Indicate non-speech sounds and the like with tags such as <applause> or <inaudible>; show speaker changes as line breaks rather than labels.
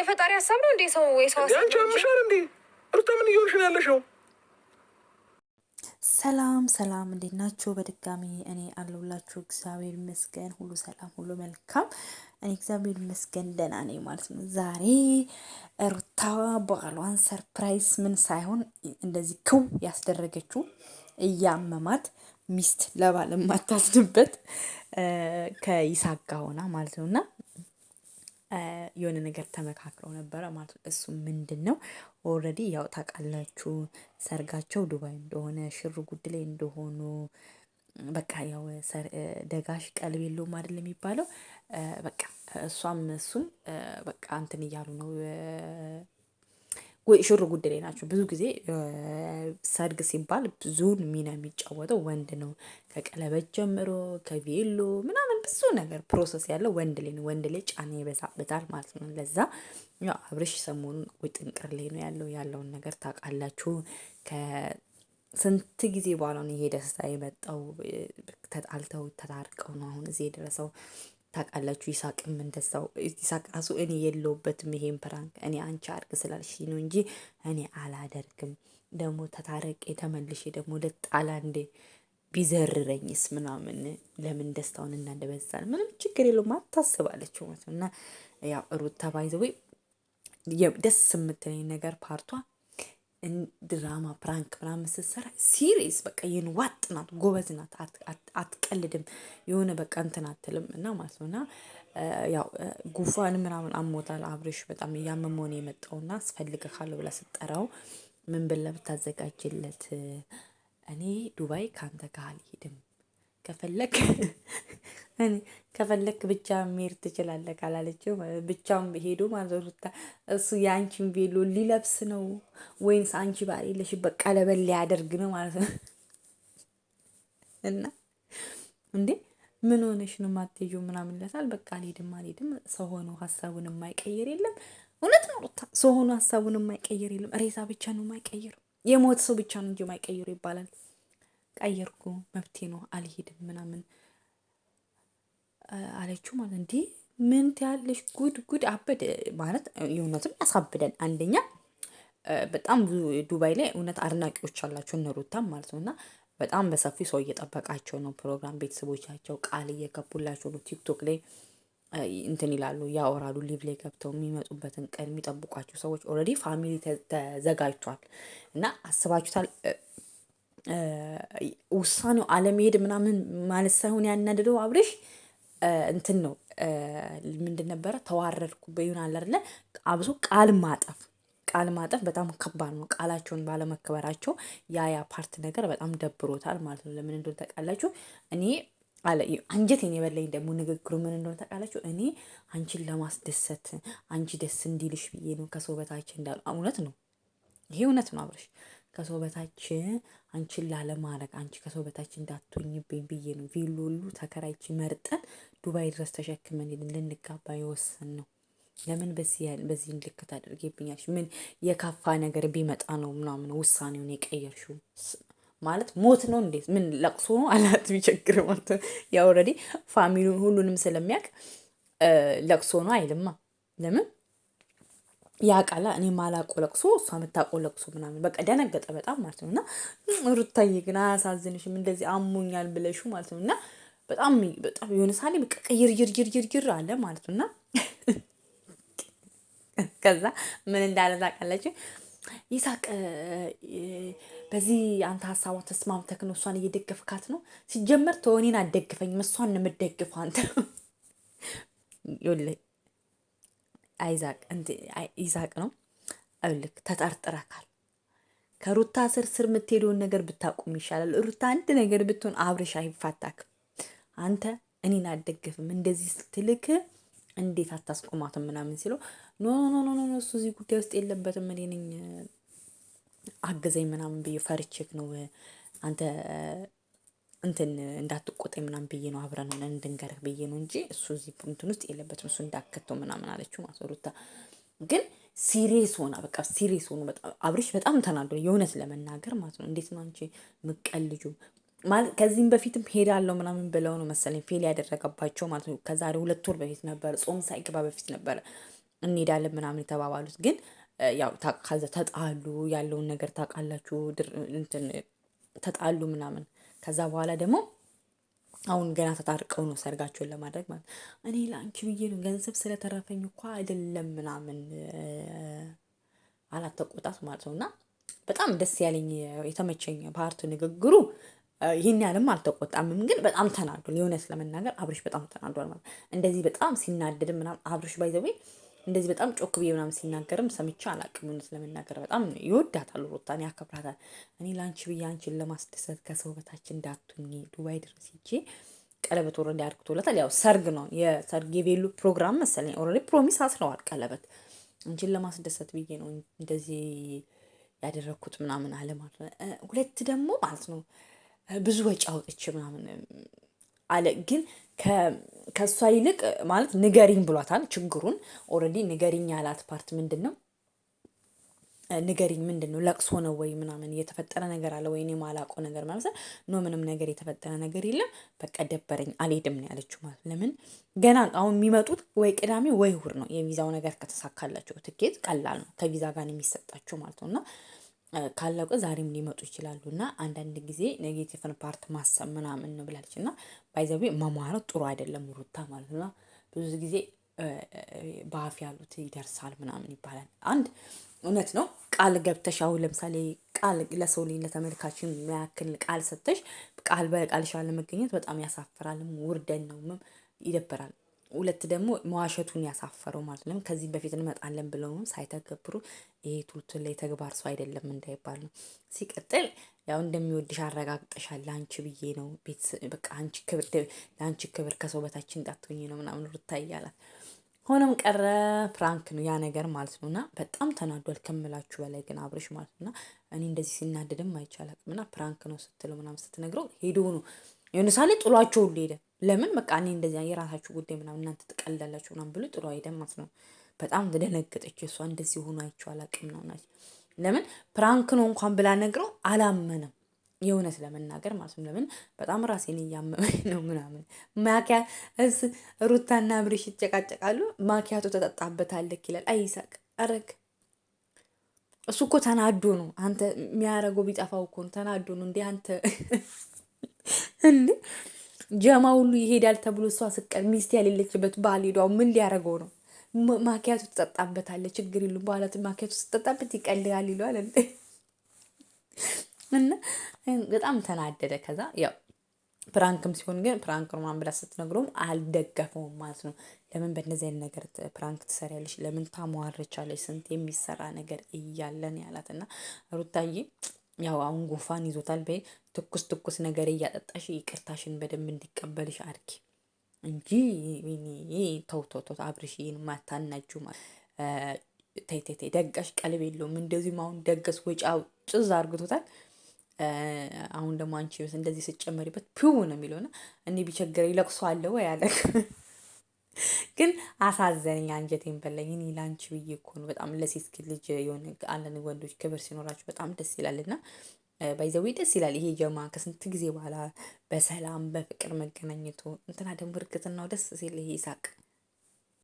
የፈጣሪ ሀሳብ ነው እንዴ? ሰው
አምሻል እንዴ? ሩታ ምን እየሆንሽ ነው ያለሽው?
ሰላም ሰላም፣ እንዴት ናችሁ? በድጋሚ እኔ አለሁላችሁ። እግዚአብሔር ይመስገን፣ ሁሉ ሰላም፣ ሁሉ መልካም። እኔ እግዚአብሔር ይመስገን ደህና ነኝ ማለት ነው። ዛሬ ሩታ በዓሏን ሰርፕራይዝ ምን ሳይሆን እንደዚህ ክው ያስደረገችው እያመማት ሚስት ለባል የማታዝንበት ከይሳቅ ሆና ማለት ነው እና የሆነ ነገር ተመካክረው ነበረ ማለት ነው። እሱ ምንድን ነው ኦልሬዲ ያው ታውቃላችሁ ሰርጋቸው ዱባይ እንደሆነ ሽር ጉድ ላይ እንደሆኑ በቃ ያው ደጋሽ ቀልብ የለውም አይደል የሚባለው። በቃ እሷም እሱም በቃ እንትን እያሉ ነው ሽር ጉዳይ ላይ ናቸው። ብዙ ጊዜ ሰርግ ሲባል ብዙውን ሚና የሚጫወተው ወንድ ነው። ከቀለበት ጀምሮ ከቬሎ ምናምን ብዙ ነገር ፕሮሰስ ያለው ወንድ ላይ ነው። ወንድ ላይ ጫና ይበዛበታል ማለት ነው። ለዛ ያው አብርሽ ሰሞኑን ውጥንቅር ላይ ነው ያለው። ያለውን ነገር ታውቃላችሁ። ከስንት ጊዜ በኋላ ይሄ ደስታ የመጣው ተጣልተው ተታርቀው ነው አሁን እዚህ የደረሰው። ታውቃላችሁ ይሳቅም እንደዛው ይሳቅ ራሱ እኔ የለውበትም ይሄን ፕራንክ እኔ አንቺ አርግ ስላልሽ ነው እንጂ እኔ አላደርግም። ደግሞ ተታረቄ ተመልሼ ደግሞ ልጣላ እንዴ ቢዘርረኝስ ምናምን ለምን ደስታውን እናንደ በዛል ምንም ችግር የለውም አታስባለች ማለት ነው። እና ያው ሩታ ባይዘዌ ደስ የምትለኝ ነገር ፓርቷ ድራማ ፕራንክ ምናምን ስትሰራ ሲሪየስ በቃ ይህን ዋጥ ናት፣ ጎበዝ ናት፣ አትቀልድም። የሆነ በቃ እንትን አትልም እና ማለት ነው እና ያው ጉንፋን ምናምን አሞታል አብሬሽ በጣም እያመመሆን እያመመውን የመጣውና አስፈልግሃለሁ ብላ ስጠራው ምን ብላ ብታዘጋጅለት እኔ ዱባይ ከአንተ ጋር አልሄድም ከፈለክ <laughs> እኔ ከፈለክ ብቻ መሄድ ትችላለህ ካላለችው ብቻውን ሄዶ ማለት እሱ የአንቺን ቬሎ ሊለብስ ነው ወይንስ አንቺ ባል የለሽበት ቀለበት ሊያደርግ ነው ማለት ነው። እና እንዴ ምን ሆነሽ ነው የማትሄጂው? ምናምን ይለታል። በቃ አልሄድም አልሄድም። ሰው ሆኖ ሀሳቡን የማይቀይር የለም። እውነት ነው ሩታ፣ ሰው ሆኖ ሀሳቡን የማይቀይር የለም። ሬሳ ብቻ ነው የማይቀይረው። የሞት ሰው ብቻ ነው እንጂ የማይቀይረው ይባላል። ቀየርኩ መብቴ ነው አልሄድም ምናምን አለችው። ማለት እንዴ ምን ትያለሽ? ጉድ ጉድ አበደ ማለት የእውነትም ያሳብዳል። አንደኛ በጣም ብዙ ዱባይ ላይ እውነት አድናቂዎች አላቸው እነ ማለት ነው እና በጣም በሰፊው ሰው እየጠበቃቸው ነው ፕሮግራም ቤተሰቦቻቸው ቃል እየገቡላቸው ነው። ቲክቶክ ላይ እንትን ይላሉ ያወራሉ። ሊቭ ላይ ገብተው የሚመጡበትን ቀን የሚጠብቋቸው ሰዎች ኦልሬዲ ፋሚሊ ተዘጋጅቷል እና አስባችሁታል ውሳኔው አለመሄድ ምናምን ማለት ሳይሆን ያናደደው አብርሽ እንትን ነው ምንድን ነበረ ተዋረድኩ በይሁን አለ አይደለ አብሶ ቃል ማጠፍ ቃል ማጠፍ በጣም ከባድ ነው። ቃላቸውን ባለመከበራቸው ያ ያ ፓርት ነገር በጣም ደብሮታል ማለት ነው። ለምን እንደሆነ ታውቃላችሁ? እኔ አለ አንጀቴን የበላኝ ደግሞ ንግግሩ ምን እንደሆነ ታውቃላችሁ? እኔ አንቺን ለማስደሰት አንቺ ደስ እንዲልሽ ብዬ ነው ከሰው በታች እንዳሉ እውነት ነው። ይሄ እውነት ነው አብርሽ ከሰው በታች አንቺን ላለማድረግ አንቺ ከሰው በታች እንዳትሆኝብኝ ብዬ ነው ቬሎ ሁሉ ተከራይቼ መርጠን ዱባይ ድረስ ተሸክመን ሄድን ልንጋባ የወሰን ነው። ለምን በዚህ ልክ ታደርጊብኛለሽ? ምን የከፋ ነገር ቢመጣ ነው ምናምን ውሳኔውን የቀየርሽው? ማለት ሞት ነው እንዴት? ምን ለቅሶ ነው አላት። ቢቸግር ማለት ያው ኦልሬዲ ፋሚሊውን ሁሉንም ስለሚያውቅ ለቅሶ ነው አይልማ። ለምን ያ ቃላ እኔ ማላቆ ለቅሶ እሷ የምታቆ ለቅሶ ምናምን በቃ ደነገጠ በጣም ማለት ነው። እና ሩታዬ ግን አያሳዝንሽም እንደዚህ አሞኛል ብለሹ ማለት ነው። እና በጣም በጣም የሆነ ሳሌ በቃ ቅይርይርይርይር አለ ማለት ነው። እና ከዛ ምን እንዳለ ታውቃላችሁ? ይሳቅ በዚህ አንተ ሀሳቧ ተስማምተክ ነው እሷን እየደገፍካት ነው። ሲጀመር ተወኔን አደግፈኝም እሷን የምደግፍ አንተ አይዛቅ ይዛቅ ነው አልክ ተጠርጥረካል። ከሩታ ስር ስር የምትሄደውን ነገር ብታቁም ይሻላል። ሩታ አንድ ነገር ብትሆን አብርሽ ይፋታክ። አንተ እኔን አደግፍም እንደዚህ ስትልክ እንዴት አታስቆማትም ምናምን ሲለው ኖ ኖ ኖ ኖ እሱ እዚህ ጉዳይ ውስጥ የለበትም እኔ ነኝ አገዘኝ ምናምን ብዬ ፈርቼክ ነው አንተ እንትን እንዳትቆጠ ምናምን ብዬ ነው አብረን ሆነን እንድንገርህ ብዬ ነው እንጂ እሱ እዚህ እንትን ውስጥ የለበትም እሱ እንዳከተው ምናምን አለችው። ማስሩታ ግን ሲሪየስ ሆና በቃ ሲሪየስ ሆኑ። በጣም አብርሽ በጣም ተናዶ የእውነት ለመናገር ማለት ነው። እንዴት ነው አንቺ ምቀልጁ ማለት ከዚህም በፊትም ሄዳለው ምናምን ብለው ነው መሰለኝ ፌል ያደረገባቸው ማለት ነው። ከዛሬ ሁለት ወር በፊት ነበረ ጾም ሳይገባ በፊት ነበረ እንሄዳለን ምናምን የተባባሉት። ግን ያው ከዛ ተጣሉ። ያለውን ነገር ታውቃላችሁ። እንትን ተጣሉ ምናምን ከዛ በኋላ ደግሞ አሁን ገና ተጣርቀው ነው ሰርጋቸውን ለማድረግ ማለት እኔ ለአንቺ ብዬ ነው ገንዘብ ስለተረፈኝ እኮ አይደለም ምናምን አላተቆጣት ማለት ነው። እና በጣም ደስ ያለኝ የተመቸኝ ፓርት ንግግሩ ይህን ያለም አልተቆጣምም፣ ግን በጣም ተናዷል። የእውነት ለመናገር አብርሽ በጣም ተናዷል ማለት እንደዚህ በጣም ሲናደድ ምናምን አብርሽ ባይዘዌ እንደዚህ በጣም ጮክ ብዬ ምናምን ሲናገርም ሰምቼ አላቅም። እውነት ለመናገር በጣም ይወዳታል፣ ሩታን ያከብራታል። እኔ ለአንቺ ብዬ አንቺን ለማስደሰት ከሰው በታች እንዳቱኝ ዱባይ ድረስ ሂጄ ቀለበት ኦልሬዲ አድርግቶለታል። ያው ሰርግ ነው የሰርግ የቤሉ ፕሮግራም መሰለኝ። ኦልሬዲ ፕሮሚስ አስረዋል። ቀለበት አንቺን ለማስደሰት ብዬ ነው እንደዚህ ያደረግኩት ምናምን አለ ሁለት ደግሞ ማለት ነው ብዙ ወጪ አውጥቼ ምናምን አለ ግን ከእሷ ይልቅ ማለት ንገሪኝ ብሏታል። ችግሩን ኦልሬዲ ንገሪኝ ያላት ፓርት ምንድን ነው? ንገሪኝ ምንድን ነው? ለቅሶ ነው ወይ ምናምን የተፈጠረ ነገር አለ ወይ? እኔ ማላውቀው ነገር ማለት ኖ፣ ምንም ነገር የተፈጠረ ነገር የለም፣ በቃ ደበረኝ፣ አልሄድም ነው ያለችው። ማለት ለምን ገና አሁን የሚመጡት ወይ ቅዳሜ ወይ እሑድ ነው። የቪዛው ነገር ከተሳካላቸው ትኬት ቀላል ነው፣ ከቪዛ ጋር የሚሰጣቸው ማለት ነው እና ካላውቀ ዛሬም ሊመጡ ይችላሉ እና አንዳንድ ጊዜ ኔጌቲቭን ፓርት ማሰብ ምናምን ነው ብላለች እና ባይዘዌ መሟረት ጥሩ አይደለም ሩታ ማለት ነው። ብዙ ጊዜ በአፍ ያሉት ይደርሳል ምናምን ይባላል። አንድ እውነት ነው። ቃል ገብተሽ አሁን ለምሳሌ ቃል ለሰው ልጅ ለተመልካች ያክል ቃል ሰጥተሽ ቃል በቃልሽ አለመገኘት በጣም ያሳፍራልም፣ ውርደን ነው፣ ይደብራል። ሁለት ደግሞ መዋሸቱን ያሳፈረው ማለት ነው። ከዚህ በፊት እንመጣለን ብለውም ሳይተገብሩ ይሄ ቱልቱል ላይ ተግባር ሰው አይደለም እንዳይባል ነው። ሲቀጥል ያው እንደሚወድሽ አረጋግጠሻል። ለአንቺ ብዬ ነው ቤት በቃ አንቺ ክብር ለአንቺ ክብር ከሰው በታች እንዳትሆኝ ነው ምናምን ሩታ እያላት ሆኖም ቀረ። ፕራንክ ነው ያ ነገር ማለት ነው። እና በጣም ተናዷል ከምላችሁ በላይ ግን አብርሽ ማለት ነው። እና እኔ እንደዚህ ሲናደድም አይቻልም እና ፕራንክ ነው ስትለው ምናምን ስትነግረው ሄዶ ነው የሆነ ሳሌ ጥሏቸው ሁሉ ሄደ። ለምን በቃ እኔ እንደዚያ የራሳችሁ ጉዳይ ምናምን እናንተ ትቀልዳላችሁ ምናምን ብሎ ጥሩ አይደል ማለት ነው። በጣም ደነገጠች። እሷ እንደዚህ ሆኖ አይቼው አላውቅም ነው ናት። ለምን ፕራንክ ነው እንኳን ብላ ነግረው አላመነም። የእውነት ለመናገር ማለት ነው። ለምን በጣም ራሴን እያመመኝ ነው ምናምን ማኪያ እስ ሩታና ብርሽ ይጨቃጨቃሉ። ማኪያቶ ተጠጣበታለክ ይላል። አይሳቅ አረግ እሱ እኮ ተናዶ ነው። አንተ የሚያረገው ቢጠፋው እኮ ነው ተናዶ ነው እንዲህ አንተ እንዴ ጀማ ሁሉ ይሄዳል ተብሎ እሷ ስቀር ሚስት ያሌለችበት ባል ሄዷ ምን ሊያደርገው ነው? ማኪያቱ ትጠጣበታለ፣ ችግር የለም በኋላ ማኪያቱ ስትጠጣበት ይቀልላል ይለዋል እና በጣም ተናደደ። ከዛ ያው ፕራንክም ሲሆን ግን ፕራንክ ሮማን ብላ ስትነግረውም አልደገፈውም ማለት ነው። ለምን በእነዚህ አይነት ነገር ፕራንክ ትሰሪያለች? ለምን ታሟርቻለች? ስንት የሚሰራ ነገር እያለን ያላት እና ሩታዬ ያው አሁን ጉንፋን ይዞታል በይ ትኩስ ትኩስ ነገር እያጠጣሽ ይቅርታሽን በደንብ እንዲቀበልሽ አድርጊ እንጂ ተውቶቶ ተው ተው አብርሽ ይህን ማታናችሁ ተይ ተይ ቀልብ የለውም። እንደዚህም አሁን ደገስ ወጪ ጭዝ አርግቶታል። አሁን ደግሞ አንቺ እንደዚህ ስጨመሪበት ፒው ነው የሚለውና እኔ ቢቸገረኝ ለቅሶ አለ ወይ አለ ግን አሳዘነኝ፣ አንጀቴን በላኝ። እኔ ላንቺ ብዬ እኮ ነው። በጣም ለሴት ልጅ የሆነ አንዳንድ ወንዶች ክብር ሲኖራቸው በጣም ደስ ይላል እና ባይዘዌ ደስ ይላል። ይሄ ጀማ ከስንት ጊዜ በኋላ በሰላም በፍቅር መገናኘቱ እንትና ደግሞ እርግዝናው ደስ ሲል ይሄ ይሳቅ